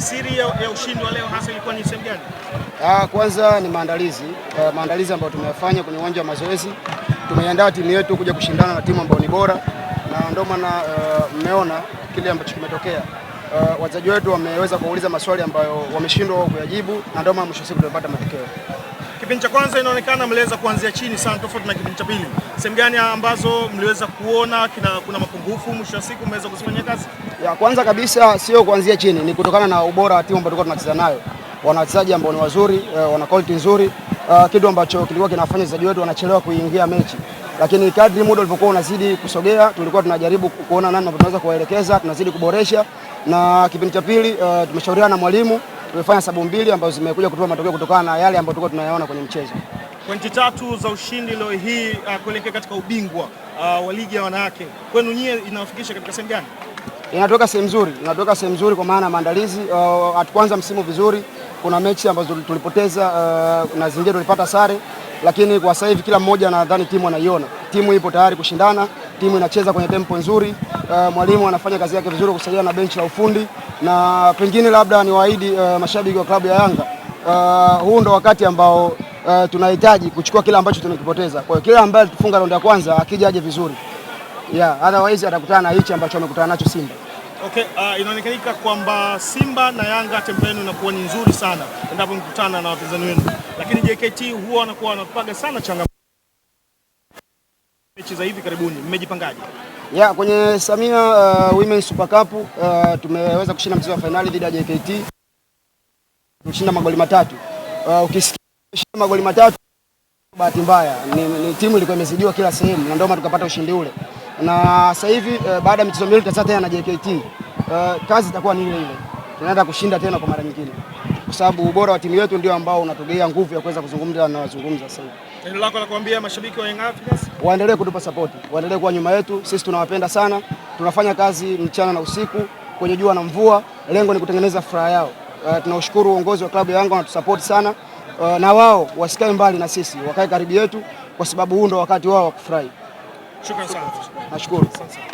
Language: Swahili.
siri ya, ya ushindi wa leo hasa ilikuwa ni sehemu gani? Ah, kwanza ni maandalizi uh, maandalizi ambayo tumeyafanya kwenye uwanja wa mazoezi. Tumeiandaa timu yetu kuja kushindana na timu ambayo ni bora, na ndio maana uh, mmeona kile ambacho kimetokea. Uh, wachezaji wetu wameweza kuuliza maswali ambayo wameshindwa kuyajibu, na ndio maana mwisho siku tumepata matokeo. Kipindi cha kwanza inaonekana mliweza kuanzia chini sana, tofauti na kipindi cha pili. Sehemu gani ambazo mliweza kuona kina, kuna mapungufu mwisho wa siku mmeweza kuzifanyia kazi? Ya kwanza kabisa sio kuanzia chini, ni kutokana na ubora wa timu ambayo tulikuwa tunacheza nayo. Wana wachezaji ambao ni wazuri, eh, wana quality nzuri, eh, kitu ambacho kilikuwa kinafanya wachezaji wetu wanachelewa kuingia mechi lakini kadri muda ulivyokuwa unazidi kusogea, tulikuwa tunajaribu kuona nani tunaweza kuwaelekeza, tunazidi kuboresha. Na kipindi cha pili uh, tumeshauriana na mwalimu tumefanya sabu mbili ambazo zimekuja kutupa matokeo kutokana na yale ambayo tulikuwa tunayaona kwenye mchezo. Pointi tatu za ushindi leo hii uh, kuelekea katika ubingwa uh, wa ligi ya wanawake kwenu nyie inawafikisha katika sehemu gani? Inatoka sehemu nzuri, inatoka sehemu nzuri kwa maana ya maandalizi, uh, hatukuanza uh, msimu vizuri kuna mechi ambazo tulipoteza uh, na zingine tulipata sare, lakini kwa sasa hivi kila mmoja nadhani timu anaiona, timu ipo tayari kushindana, timu inacheza kwenye tempo nzuri. Uh, mwalimu anafanya kazi yake vizuri kusaidia na benchi la ufundi, na pengine labda ni niwaahidi uh, mashabiki wa klabu ya Yanga uh, huu ndo wakati ambao uh, tunahitaji kuchukua kile ambacho tunakipoteza. Kwa hiyo kila ambaye tufunga raundi ya kwanza akija aje vizuri, yeah, otherwise atakutana na hichi ambacho amekutana nacho Simba. Okay, uh, inaonekanika kwamba Simba na Yanga tembe yenu inakuwa ni nzuri sana endapo mkutana na wapinzani wenu, lakini JKT huwa wanakuwa wanapaga sana changamoto mechi za hivi karibuni, mmejipangaje? Yeah, kwenye Samia uh, Women Super Cup uh, tumeweza kushinda mchezo wa fainali dhidi ya JKT kushinda magoli matatu. Uh, ukisikia magoli matatu, bahati mbaya ni, ni timu ilikuwa imezidiwa kila sehemu na ndio maana tukapata ushindi ule na sasa hivi uh, baada ya michezo miwili tutacheza tena na JKT. Uh, eh, kazi itakuwa ni ile ile, tunaenda kushinda tena kwa mara nyingine, kwa sababu ubora wa timu yetu ndio ambao unatugea nguvu ya kuweza kuzungumza na wazungumza sasa hivi. Neno lako la kuambia mashabiki wa Young Africans, waendelee kutupa support, waendelee kuwa nyuma yetu, sisi tunawapenda sana, tunafanya kazi mchana na usiku, kwenye jua na mvua, lengo ni kutengeneza furaha yao. Uh, tunaushukuru uongozi wa klabu ya Yanga wanatusupport sana, uh, na wao wasikae mbali na sisi, wakae karibu yetu, kwa sababu huu ndio wakati wao wa kufurahi. Acho cansado. Acho